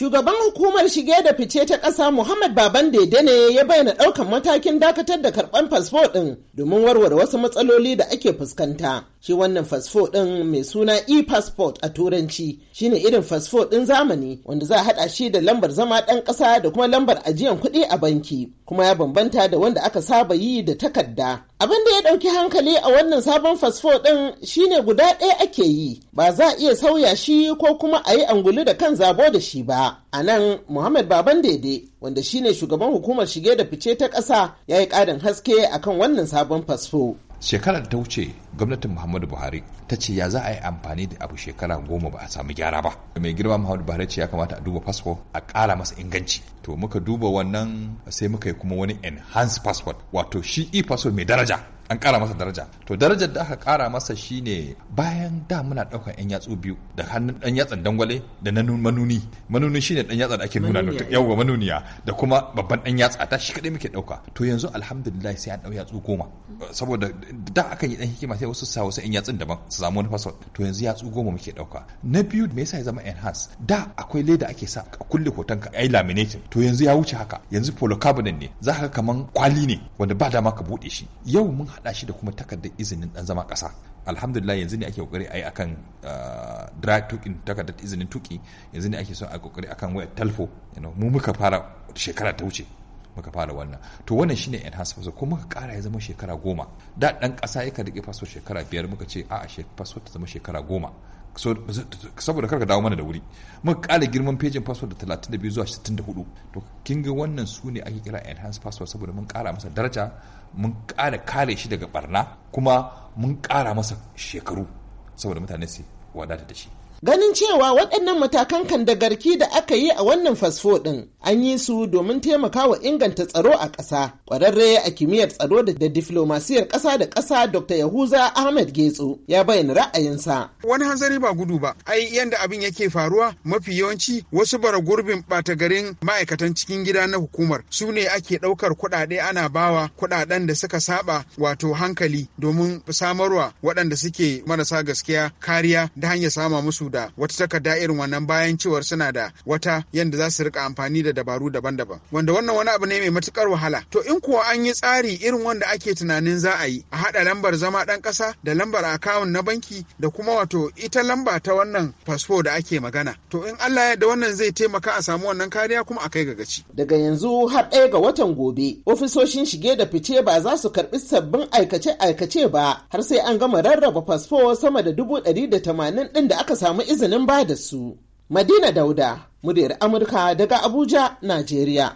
Shugaban hukumar shige da fice ta ƙasa Muhammad Baban Dede ne ya bayyana ɗaukan matakin dakatar da karɓar fasfo ɗin domin warware wasu matsaloli da ake fuskanta. Shi wannan fasfo ɗin mai suna e-passport a turanci shine irin fasfo ɗin zamani wanda za a haɗa shi da lambar zama ɗan ƙasa da kuma lambar ajiyan kuɗi a banki kuma ya bambanta da wanda aka saba yi da takarda. Abin da ya ɗauki hankali a wannan sabon fasfo ɗin shine guda ɗaya ake yi, ba za a iya sauya shi ko kuma a yi angulu da kan zabo da shi ba. A nan Muhammad Baban Dede, wanda shine shugaban hukumar shige da fice ta ƙasa ya yi ƙarin haske akan wannan sabon fasfo. Shekarar ta wuce gwamnatin muhammadu buhari ta ce ya za a yi amfani da abu shekara goma ba a samu gyara ba mai girma muhammadu buhari ce ya kamata a duba fasfo a ƙara masa inganci to muka duba wannan sai muka yi kuma wani enhanced passport wato shi e passport mai daraja an ƙara masa daraja to darajar da aka ƙara masa shine bayan da muna ɗaukar yan yatsu biyu da hannun ɗan yatsan dangwale da na manuni manuni shine ɗan yatsa da ake nuna yawwa manuniya da kuma babban ɗan yatsa ta shi kaɗai muke ɗauka to yanzu alhamdulillah sai an ɗau yatsu goma saboda da aka yi ɗan hikima sai wasu sa wasu yan yatsun daban su samu wani password to yanzu yatsu goma muke dauka na biyu me yasa ya zama enhance da akwai leda ake sa a kulle hoton ka ai laminating to yanzu ya wuce haka yanzu polycarbonate ne za ka kaman kwali ne wanda ba dama ka bude shi yau mun hada shi da kuma takardar izinin dan zama kasa alhamdulillah yanzu ne ake kokari ai akan ah, drag tukin takardar izinin tuki yanzu ne ake so a kokari akan wayar talfo mu muka fara shekara ta wuce muka fara wannan to wannan shine enhanced passport ko muka kara ya zama shekara goma da dan kasa yaka riƙe passport shekara biyar muka ce a'a passport ta zama shekara goma saboda karka dawo mana da wuri muka kara girman pejin passport da biyu zuwa sittin da hudu. to kin ga wannan su ne ake kira enhanced passport saboda mun kara masa daraja mun kara kare shi daga barna kuma mun kara masa shekaru saboda mutane su wadata da shi Ganin cewa waɗannan matakan kan da garki da aka yi a wannan fasfo ɗin an yi su domin taimakawa inganta tsaro a ƙasa. Ƙwararre a kimiyyar tsaro da diflomasiyar ƙasa da ƙasa Dr. Yahuza Ahmed Getsu ya bayyana ra'ayinsa. Wani hanzari ba gudu ba, ai yanda abin yake faruwa mafi yawanci wasu bara gurbin ɓata garin ma'aikatan cikin gida na hukumar su ne ake ɗaukar kuɗaɗe ana bawa kuɗaɗen da suka saba wato hankali domin samarwa waɗanda suke marasa gaskiya kariya da hanyar sama musu da wata takarda irin wannan bayan cewar suna da wata yadda za su rika amfani da dabaru daban-daban wanda wannan wani abu ne mai matukar wahala to in kuwa an yi tsari irin wanda ake tunanin za a yi a haɗa lambar zama ɗan ƙasa da lambar akawun na banki da kuma wato ita lamba ta wannan fasfo da ake magana to in Allah ya da wannan zai taimaka a samu wannan kariya kuma a kai ga gaci daga yanzu har ɗaya ga watan gobe ofisoshin shige da fice ba za su karɓi sabbin aikace-aikace ba har sai an gama rarraba fasfo sama da dubu ɗari da tamanin ɗin da aka samu samu izinin ba da su. Madina Dauda, muryar Amurka daga Abuja, Najeriya.